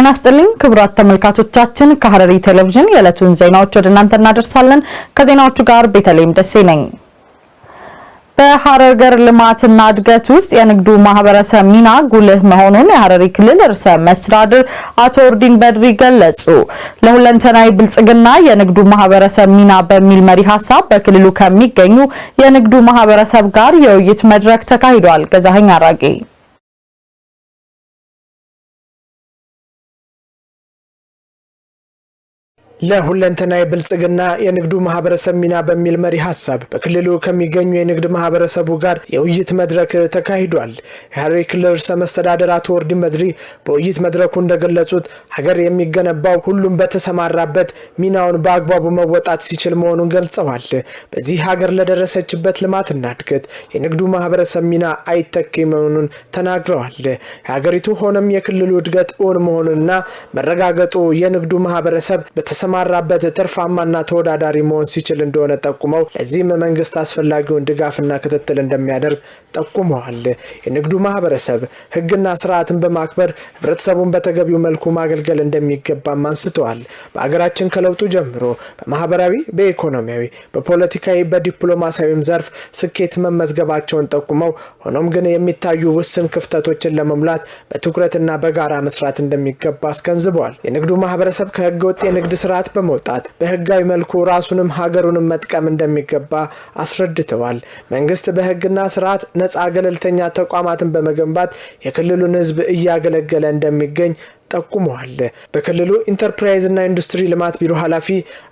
ጤና ስጥልኝ ክቡራት ተመልካቾቻችን፣ ከሐረሪ ቴሌቪዥን የዕለቱን ዜናዎች ወደ እናንተ እናደርሳለን። ከዜናዎቹ ጋር ቤተልሔም ደሴ ነኝ። በሐረርገር ልማትና እድገት ውስጥ የንግዱ ማህበረሰብ ሚና ጉልህ መሆኑን የሐረሪ ክልል ርዕሰ መስተዳድር አቶ ኦርዲን በድሪ ገለጹ። ለሁለንተናዊ ብልጽግና የንግዱ ማህበረሰብ ሚና በሚል መሪ ሀሳብ በክልሉ ከሚገኙ የንግዱ ማህበረሰብ ጋር የውይይት መድረክ ተካሂዷል። ገዛኸኝ አራጌ ለሁለንተና የብልጽግና የንግዱ ማህበረሰብ ሚና በሚል መሪ ሀሳብ በክልሉ ከሚገኙ የንግድ ማህበረሰቡ ጋር የውይይት መድረክ ተካሂዷል። የሐረሪ ክልል ርዕሰ መስተዳደር አቶ ወርዲ መድሪ በውይይት መድረኩ እንደገለጹት ሀገር የሚገነባው ሁሉም በተሰማራበት ሚናውን በአግባቡ መወጣት ሲችል መሆኑን ገልጸዋል። በዚህ ሀገር ለደረሰችበት ልማትና እድገት የንግዱ ማህበረሰብ ሚና አይተኪ መሆኑን ተናግረዋል። የሀገሪቱ ሆነም የክልሉ እድገት እውን መሆኑንና መረጋገጡ የንግዱ ማህበረሰብ በተሰ በተሰማራበት ትርፋማና ተወዳዳሪ መሆን ሲችል እንደሆነ ጠቁመው ለዚህም መንግስት አስፈላጊውን ድጋፍና ክትትል እንደሚያደርግ ጠቁመዋል። የንግዱ ማህበረሰብ ህግና ስርዓትን በማክበር ህብረተሰቡን በተገቢው መልኩ ማገልገል እንደሚገባም አንስተዋል። በሀገራችን ከለውጡ ጀምሮ በማህበራዊ፣ በኢኮኖሚያዊ፣ በፖለቲካዊ፣ በዲፕሎማሲያዊም ዘርፍ ስኬት መመዝገባቸውን ጠቁመው ሆኖም ግን የሚታዩ ውስን ክፍተቶችን ለመሙላት በትኩረትና በጋራ መስራት እንደሚገባ አስገንዝበዋል። የንግዱ ማህበረሰብ ከህገ ወጥ የንግድ ስራ ከልማት በመውጣት በህጋዊ መልኩ ራሱንም ሀገሩንም መጥቀም እንደሚገባ አስረድተዋል። መንግስት በህግና ስርዓት ነጻ ገለልተኛ ተቋማትን በመገንባት የክልሉን ህዝብ እያገለገለ እንደሚገኝ ጠቁመዋል። በክልሉ ኢንተርፕራይዝና ኢንዱስትሪ ልማት ቢሮ ኃላፊ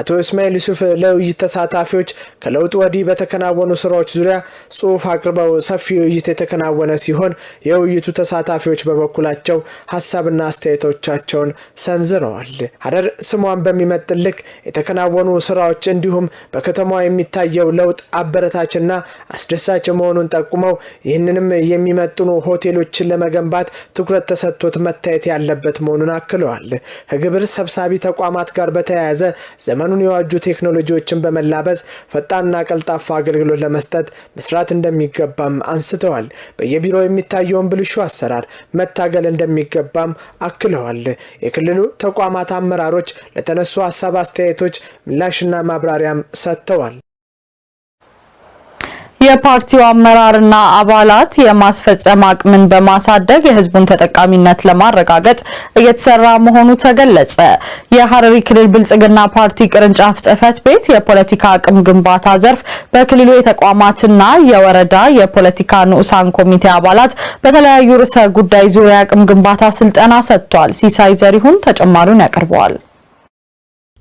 አቶ እስማኤል ዩሱፍ ለውይይት ተሳታፊዎች ከለውጥ ወዲህ በተከናወኑ ስራዎች ዙሪያ ጽሁፍ አቅርበው ሰፊ ውይይት የተከናወነ ሲሆን የውይይቱ ተሳታፊዎች በበኩላቸው ሀሳብና አስተያየቶቻቸውን ሰንዝረዋል። ሀረር ስሟን በሚመጥን ልክ የተከናወኑ ስራዎች እንዲሁም በከተማዋ የሚታየው ለውጥ አበረታችና አስደሳች መሆኑን ጠቁመው ይህንንም የሚመጥኑ ሆቴሎችን ለመገንባት ትኩረት ተሰጥቶት መታየት ያለበት መሆኑን አክለዋል። ከግብር ሰብሳቢ ተቋማት ጋር በተያያዘ ዘመኑን የዋጁ ቴክኖሎጂዎችን በመላበስ ፈጣንና ቀልጣፋ አገልግሎት ለመስጠት መስራት እንደሚገባም አንስተዋል። በየቢሮው የሚታየውን ብልሹ አሰራር መታገል እንደሚገባም አክለዋል። የክልሉ ተቋማት አመራሮች ለተነሱ ሀሳብ አስተያየቶች ምላሽና ማብራሪያም ሰጥተዋል። የፓርቲው አመራርና አባላት የማስፈጸም አቅምን በማሳደግ የህዝቡን ተጠቃሚነት ለማረጋገጥ እየተሰራ መሆኑ ተገለጸ። የሐረሪ ክልል ብልጽግና ፓርቲ ቅርንጫፍ ጽህፈት ቤት የፖለቲካ አቅም ግንባታ ዘርፍ በክልሉ የተቋማትና የወረዳ የፖለቲካ ንዑሳን ኮሚቴ አባላት በተለያዩ ርዕሰ ጉዳይ ዙሪያ አቅም ግንባታ ስልጠና ሰጥቷል። ሲሳይ ዘሪሁን ተጨማሪውን ያቀርበዋል።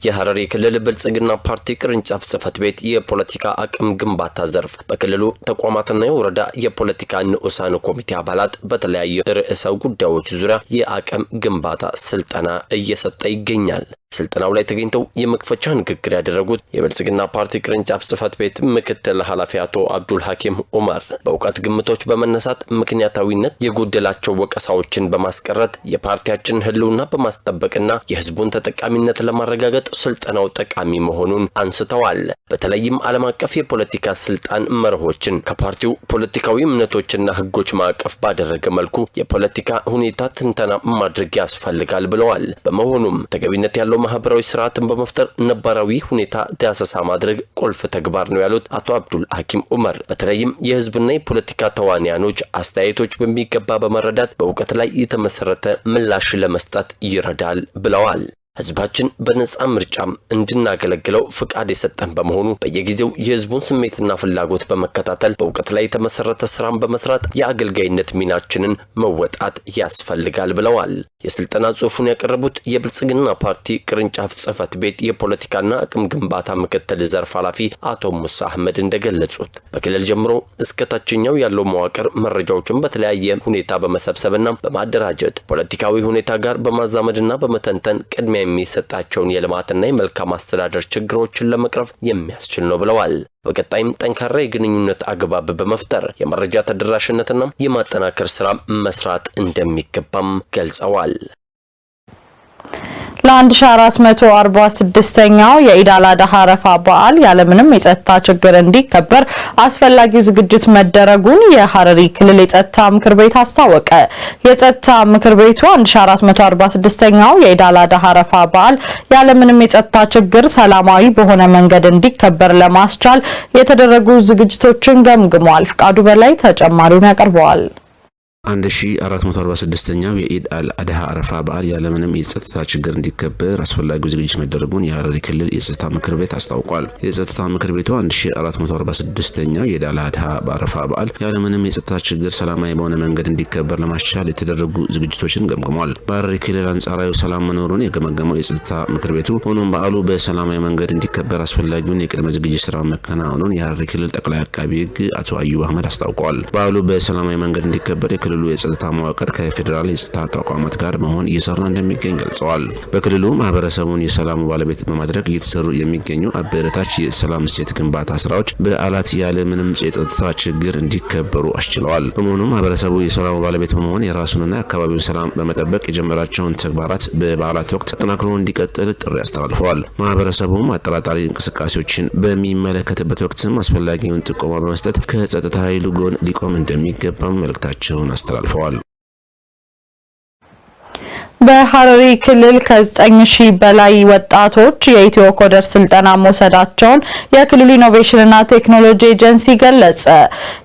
የሐረሪ ክልል ብልጽግና ፓርቲ ቅርንጫፍ ጽህፈት ቤት የፖለቲካ አቅም ግንባታ ዘርፍ በክልሉ ተቋማትና የወረዳ የፖለቲካ ንዑሳን ኮሚቴ አባላት በተለያዩ ርዕሰ ጉዳዮች ዙሪያ የአቅም ግንባታ ስልጠና እየሰጠ ይገኛል። ስልጠናው ላይ ተገኝተው የመክፈቻ ንግግር ያደረጉት የብልጽግና ፓርቲ ቅርንጫፍ ጽህፈት ቤት ምክትል ኃላፊ አቶ አብዱል ሐኪም ኡመር በእውቀት ግምቶች በመነሳት ምክንያታዊነት የጎደላቸው ወቀሳዎችን በማስቀረት የፓርቲያችንን ህልውና በማስጠበቅና የህዝቡን ተጠቃሚነት ለማረጋገጥ ስልጠናው ጠቃሚ መሆኑን አንስተዋል። በተለይም ዓለም አቀፍ የፖለቲካ ስልጣን መርሆችን ከፓርቲው ፖለቲካዊ እምነቶችና ህጎች ማዕቀፍ ባደረገ መልኩ የፖለቲካ ሁኔታ ትንተና ማድረግ ያስፈልጋል ብለዋል። በመሆኑም ተገቢነት ያለው ማህበራዊ ስርዓትን በመፍጠር ነባራዊ ሁኔታ ዳሰሳ ማድረግ ቁልፍ ተግባር ነው ያሉት አቶ አብዱል ሀኪም ኡመር በተለይም የህዝብና የፖለቲካ ተዋንያኖች አስተያየቶች በሚገባ በመረዳት በእውቀት ላይ የተመሰረተ ምላሽ ለመስጠት ይረዳል ብለዋል። ህዝባችን በነፃ ምርጫም እንድናገለግለው ፍቃድ የሰጠን በመሆኑ በየጊዜው የህዝቡን ስሜትና ፍላጎት በመከታተል በእውቀት ላይ የተመሰረተ ስራን በመስራት የአገልጋይነት ሚናችንን መወጣት ያስፈልጋል ብለዋል። የስልጠና ጽሁፉን ያቀረቡት የብልጽግና ፓርቲ ቅርንጫፍ ጽህፈት ቤት የፖለቲካና አቅም ግንባታ ምክትል ዘርፍ ኃላፊ አቶ ሙሳ አህመድ እንደገለጹት በክልል ጀምሮ እስከ ታችኛው ያለው መዋቅር መረጃዎችን በተለያየ ሁኔታ በመሰብሰብና በማደራጀት ፖለቲካዊ ሁኔታ ጋር በማዛመድና በመተንተን ቅድሚያ የሚሰጣቸውን የልማትና የመልካም አስተዳደር ችግሮችን ለመቅረፍ የሚያስችል ነው ብለዋል። በቀጣይም ጠንካራ የግንኙነት አግባብ በመፍጠር የመረጃ ተደራሽነትና የማጠናከር ስራ መስራት እንደሚገባም ገልጸዋል። ለ1446ኛው የኢድ የኢዳላ አድሃ አረፋ በዓል ያለምንም የጸጥታ ችግር እንዲከበር አስፈላጊው ዝግጅት መደረጉን የሐረሪ ክልል የጸጥታ ምክር ቤት አስታወቀ። የጸጥታ ምክር ቤቱ 1446ኛው የኢድ አል አረፋ በዓል ያለምንም የጸጥታ ችግር ሰላማዊ በሆነ መንገድ እንዲከበር ለማስቻል የተደረጉ ዝግጅቶችን ገምግሟል። ፍቃዱ በላይ ተጨማሪውን ያቀርበዋል። 1446ኛው የኢድ አድሃ አረፋ በዓል ያለምንም የጸጥታ ችግር እንዲከበር አስፈላጊው ዝግጅት መደረጉን የሐረሪ ክልል የጸጥታ ምክር ቤት አስታውቋል። የጸጥታ ምክር ቤቱ 1446ኛው የኢድ አድሃ በአረፋ በዓል ያለምንም የጸጥታ ችግር ሰላማዊ በሆነ መንገድ እንዲከበር ለማስቻል የተደረጉ ዝግጅቶችን ገምግሟል። በሐረሪ ክልል አንጻራዊ ሰላም መኖሩን የገመገመው የጸጥታ ምክር ቤቱ ሆኖም በዓሉ በሰላማዊ መንገድ እንዲከበር አስፈላጊውን የቅድመ ዝግጅት ስራ መከናወኑን የሐረሪ ክልል ጠቅላይ አቃቢ ህግ አቶ አዩብ አህመድ አስታውቀዋል። በዓሉ በሰላማዊ መንገድ እንዲከበር የክልሉ የጸጥታ መዋቅር ከፌዴራል የጸጥታ ተቋማት ጋር መሆን እየሰራ እንደሚገኝ ገልጸዋል። በክልሉ ማህበረሰቡን የሰላሙ ባለቤት በማድረግ እየተሰሩ የሚገኙ አበረታች የሰላም እሴት ግንባታ ስራዎች በዓላት ያለ ምንም የጸጥታ ችግር እንዲከበሩ አስችለዋል። በመሆኑ ማህበረሰቡ የሰላሙ ባለቤት በመሆን የራሱንና የአካባቢውን ሰላም በመጠበቅ የጀመራቸውን ተግባራት በበዓላት ወቅት ተጠናክሮ እንዲቀጥል ጥሪ አስተላልፈዋል። ማህበረሰቡም አጠራጣሪ እንቅስቃሴዎችን በሚመለከትበት ወቅትም አስፈላጊውን ጥቆማ በመስጠት ከጸጥታ ኃይሉ ጎን ሊቆም እንደሚገባም መልእክታቸውን አስተላልፈዋል። በሐረሪ ክልል ከዘጠኝ ሺህ በላይ ወጣቶች የኢትዮ ኮደር ስልጠና መውሰዳቸውን የክልሉ ኢኖቬሽንና ቴክኖሎጂ ኤጀንሲ ገለጸ።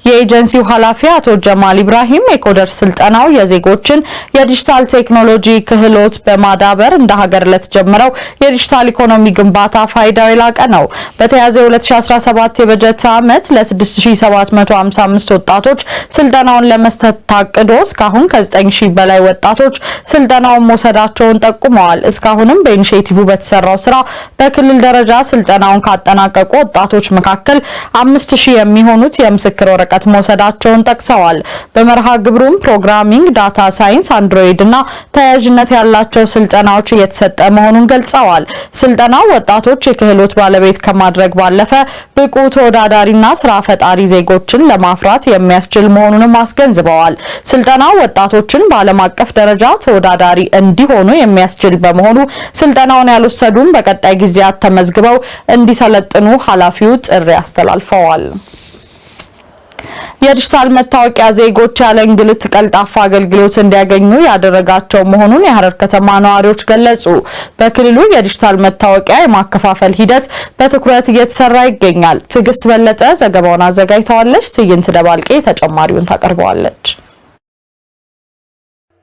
የኤጀንሲው ኃላፊ አቶ ጀማል ኢብራሂም የኮደር ስልጠናው የዜጎችን የዲጂታል ቴክኖሎጂ ክህሎት በማዳበር እንደ ሀገር ለተጀመረው የዲጂታል ኢኮኖሚ ግንባታ ፋይዳው የላቀ ነው። በተያዘ 2017 የበጀት ዓመት ለ6755 ወጣቶች ስልጠናውን ለመስጠት ታቅዶ እስካሁን ከ9 በላይ ወጣቶች ስልጠናውን መውሰዳቸውን ጠቁመዋል። እስካሁንም በኢኒሼቲቭ በተሰራው ስራ በክልል ደረጃ ስልጠናውን ካጠናቀቁ ወጣቶች መካከል አምስት ሺህ የሚሆኑት የምስክር ወረቀት መውሰዳቸውን ጠቅሰዋል። በመርሃ ግብሩም ፕሮግራሚንግ፣ ዳታ ሳይንስ፣ አንድሮይድ እና ተያያዥነት ያላቸው ስልጠናዎች እየተሰጠ መሆኑን ገልጸዋል። ስልጠናው ወጣቶች የክህሎት ባለቤት ከማድረግ ባለፈ ብቁ ተወዳዳሪና ስራ ፈጣሪ ዜጎችን ለማፍራት የሚያስችል መሆኑንም አስገንዝበዋል። ስልጠናው ወጣቶችን በዓለም አቀፍ ደረጃ ተወዳዳሪ እንዲሆኑ የሚያስችል በመሆኑ ስልጠናውን ያልወሰዱም በቀጣይ ጊዜያት ተመዝግበው እንዲሰለጥኑ ኃላፊው ጥሪ አስተላልፈዋል። የዲጂታል መታወቂያ ዜጎች ያለ እንግልት ቀልጣፋ አገልግሎት እንዲያገኙ ያደረጋቸው መሆኑን የሐረር ከተማ ነዋሪዎች ገለጹ። በክልሉ የዲጂታል መታወቂያ የማከፋፈል ሂደት በትኩረት እየተሰራ ይገኛል። ትዕግስት በለጠ ዘገባውን አዘጋጅተዋለች። ትዕይንት ደባልቄ ተጨማሪውን ታቀርበዋለች።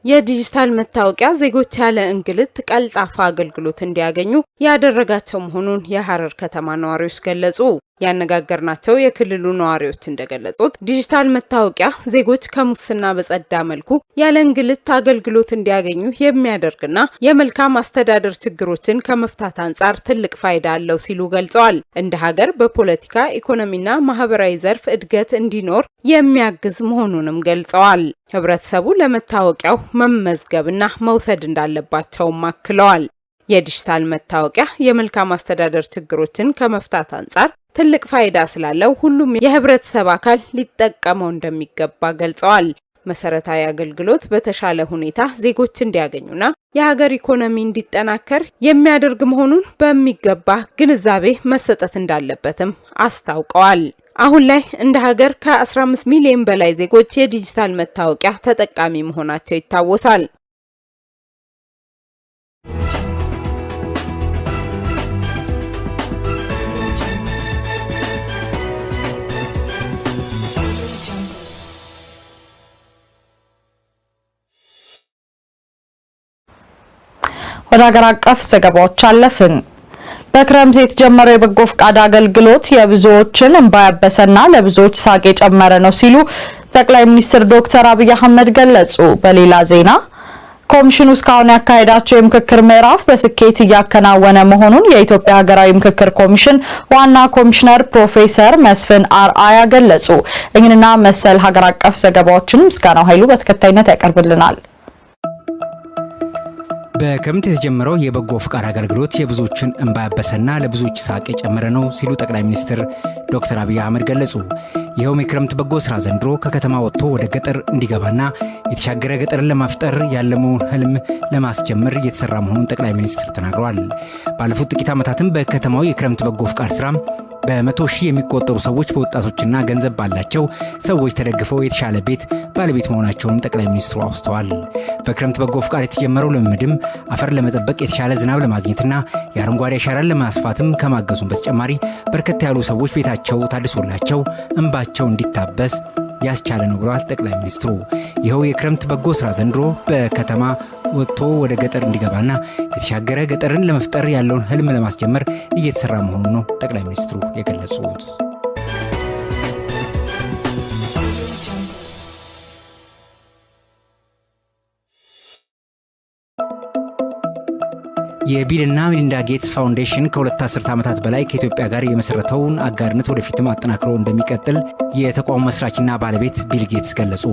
የዲጂታል መታወቂያ ዜጎች ያለ እንግልት ቀልጣፋ አገልግሎት እንዲያገኙ ያደረጋቸው መሆኑን የሐረር ከተማ ነዋሪዎች ገለጹ። ያነጋገርናቸው የክልሉ ነዋሪዎች እንደገለጹት ዲጂታል መታወቂያ ዜጎች ከሙስና በጸዳ መልኩ ያለ እንግልት አገልግሎት እንዲያገኙ የሚያደርግና የመልካም አስተዳደር ችግሮችን ከመፍታት አንጻር ትልቅ ፋይዳ አለው ሲሉ ገልጸዋል። እንደ ሀገር በፖለቲካ ኢኮኖሚና ማህበራዊ ዘርፍ እድገት እንዲኖር የሚያግዝ መሆኑንም ገልጸዋል። ህብረተሰቡ ለመታወቂያው መመዝገብና መውሰድ እንዳለባቸውም አክለዋል። የዲጂታል መታወቂያ የመልካም አስተዳደር ችግሮችን ከመፍታት አንጻር ትልቅ ፋይዳ ስላለው ሁሉም የህብረተሰብ አካል ሊጠቀመው እንደሚገባ ገልጸዋል። መሰረታዊ አገልግሎት በተሻለ ሁኔታ ዜጎች እንዲያገኙና የሀገር ኢኮኖሚ እንዲጠናከር የሚያደርግ መሆኑን በሚገባ ግንዛቤ መሰጠት እንዳለበትም አስታውቀዋል። አሁን ላይ እንደ ሀገር ከ15 ሚሊዮን በላይ ዜጎች የዲጂታል መታወቂያ ተጠቃሚ መሆናቸው ይታወሳል። ወደ ሀገር አቀፍ ዘገባዎች አለፍን። በክረምት የተጀመረው የበጎ ፍቃድ አገልግሎት የብዙዎችን እንባ ያበሰና ለብዙዎች ሳቅ የጨመረ ነው ሲሉ ጠቅላይ ሚኒስትር ዶክተር አብይ አህመድ ገለጹ። በሌላ ዜና ኮሚሽኑ እስካሁን ያካሄዳቸው የምክክር ምዕራፍ በስኬት እያከናወነ መሆኑን የኢትዮጵያ ሀገራዊ ምክክር ኮሚሽን ዋና ኮሚሽነር ፕሮፌሰር መስፍን አርአያ ገለጹ። እኝንና መሰል ሀገር አቀፍ ዘገባዎችን ምስጋናው ኃይሉ በተከታይነት ያቀርብልናል። በክረምት የተጀመረው የበጎ ፍቃድ አገልግሎት የብዙዎችን እንባ ያበሰና ለብዙዎች ሳቅ የጨመረ ነው ሲሉ ጠቅላይ ሚኒስትር ዶክተር አብይ አህመድ ገለጹ። ይኸውም የክረምት በጎ ስራ ዘንድሮ ከከተማ ወጥቶ ወደ ገጠር እንዲገባና የተሻገረ ገጠርን ለማፍጠር ያለመውን ህልም ለማስጀመር እየተሰራ መሆኑን ጠቅላይ ሚኒስትር ተናግረዋል። ባለፉት ጥቂት ዓመታትም በከተማው የክረምት በጎ ፍቃድ ስራ በመቶ ሺህ የሚቆጠሩ ሰዎች በወጣቶችና ገንዘብ ባላቸው ሰዎች ተደግፈው የተሻለ ቤት ባለቤት መሆናቸውንም ጠቅላይ ሚኒስትሩ አውስተዋል። በክረምት በጎ ፍቃድ የተጀመረው ልምምድም አፈር ለመጠበቅ የተሻለ ዝናብ ለማግኘትና የአረንጓዴ አሻራን ለማስፋትም ከማገዙም በተጨማሪ በርከት ያሉ ሰዎች ቤታቸው ሀገራቸው ታድሶላቸው እንባቸው እንዲታበስ ያስቻለ ነው ብለዋል ጠቅላይ ሚኒስትሩ። ይኸው የክረምት በጎ ስራ ዘንድሮ በከተማ ወጥቶ ወደ ገጠር እንዲገባና የተሻገረ ገጠርን ለመፍጠር ያለውን ህልም ለማስጀመር እየተሰራ መሆኑን ነው ጠቅላይ ሚኒስትሩ የገለጹት። የቢልና ሚሊንዳ ጌትስ ፋውንዴሽን ከሁለት አስርት ዓመታት በላይ ከኢትዮጵያ ጋር የመሠረተውን አጋርነት ወደፊትም አጠናክሮ እንደሚቀጥል የተቋሙ መስራችና ባለቤት ቢል ጌትስ ገለጹ።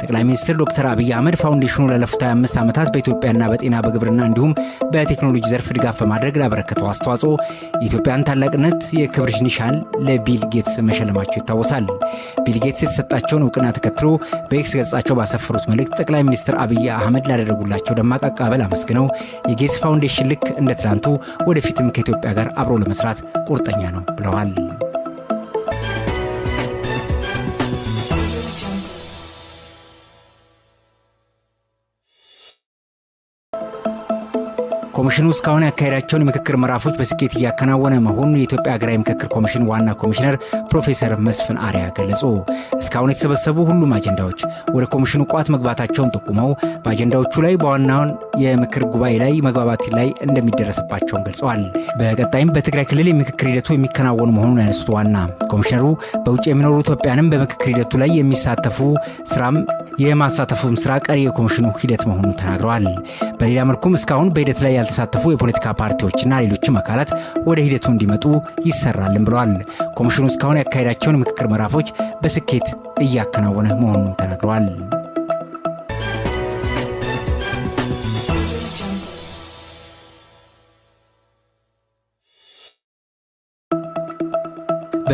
ጠቅላይ ሚኒስትር ዶክተር አብይ አህመድ ፋውንዴሽኑ ላለፉት 25 ዓመታት በኢትዮጵያና በጤና በግብርና እንዲሁም በቴክኖሎጂ ዘርፍ ድጋፍ በማድረግ ላበረከተው አስተዋጽኦ የኢትዮጵያን ታላቅነት የክብር ኒሻን ለቢል ጌትስ መሸለማቸው ይታወሳል። ቢል ጌትስ የተሰጣቸውን እውቅና ተከትሎ በኤክስ ገጻቸው ባሰፈሩት መልእክት ጠቅላይ ሚኒስትር አብይ አህመድ ላደረጉላቸው ደማቅ አቀባበል አመስግነው የጌትስ ፋውንዴሽን ልክ ልክ እንደ ትናንቱ ወደፊትም ከኢትዮጵያ ጋር አብሮ ለመስራት ቁርጠኛ ነው ብለዋል። ኮሚሽኑ እስካሁን ያካሄዳቸውን የምክክር ምዕራፎች በስኬት እያከናወነ መሆኑን የኢትዮጵያ ሀገራዊ ምክክር ኮሚሽን ዋና ኮሚሽነር ፕሮፌሰር መስፍን አሪያ ገለጹ። እስካሁን የተሰበሰቡ ሁሉም አጀንዳዎች ወደ ኮሚሽኑ ቋት መግባታቸውን ጠቁመው በአጀንዳዎቹ ላይ በዋናውን የምክር ጉባኤ ላይ መግባባት ላይ እንደሚደረስባቸውን ገልጸዋል። በቀጣይም በትግራይ ክልል የምክክር ሂደቱ የሚከናወኑ መሆኑን ያነሱት ዋና ኮሚሽነሩ በውጭ የሚኖሩ ኢትዮጵያንም በምክክር ሂደቱ ላይ የሚሳተፉ ስራም የማሳተፉም ስራ ቀሪ የኮሚሽኑ ሂደት መሆኑን ተናግረዋል። በሌላ መልኩም እስካሁን በሂደት ላይ ያልተሳተፉ የፖለቲካ ፓርቲዎችና ሌሎችም አካላት ወደ ሂደቱ እንዲመጡ ይሰራልን ብለዋል። ኮሚሽኑ እስካሁን ያካሄዳቸውን ምክክር ምዕራፎች በስኬት እያከናወነ መሆኑን ተናግረዋል።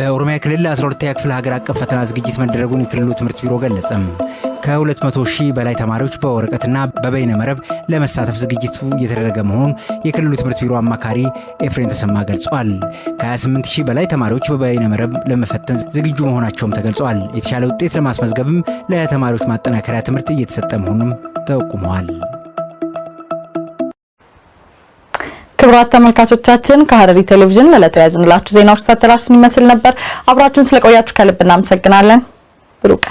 በኦሮሚያ ክልል 12ኛ ክፍል ሀገር አቀፍ ፈተና ዝግጅት መደረጉን የክልሉ ትምህርት ቢሮ ገለጸም። ከ200 ሺህ በላይ ተማሪዎች በወረቀትና በበይነ መረብ ለመሳተፍ ዝግጅቱ እየተደረገ መሆኑን የክልሉ ትምህርት ቢሮ አማካሪ ኤፍሬም ተሰማ ገልጿል። ከ28 ሺህ በላይ ተማሪዎች በበይነ መረብ ለመፈተን ዝግጁ መሆናቸውም ተገልጿል። የተሻለ ውጤት ለማስመዝገብም ለተማሪዎች ማጠናከሪያ ትምህርት እየተሰጠ መሆኑም ጠቁመዋል። ክብራት ተመልካቾቻችን ከሐረሪ ቴሌቪዥን ለዕለቱ ያዝንላችሁ ዜናዎች ተከታተላችሁን ይመስል ነበር። አብራችሁን ስለቆያችሁ ከልብ እናመሰግናለን። ብሩህ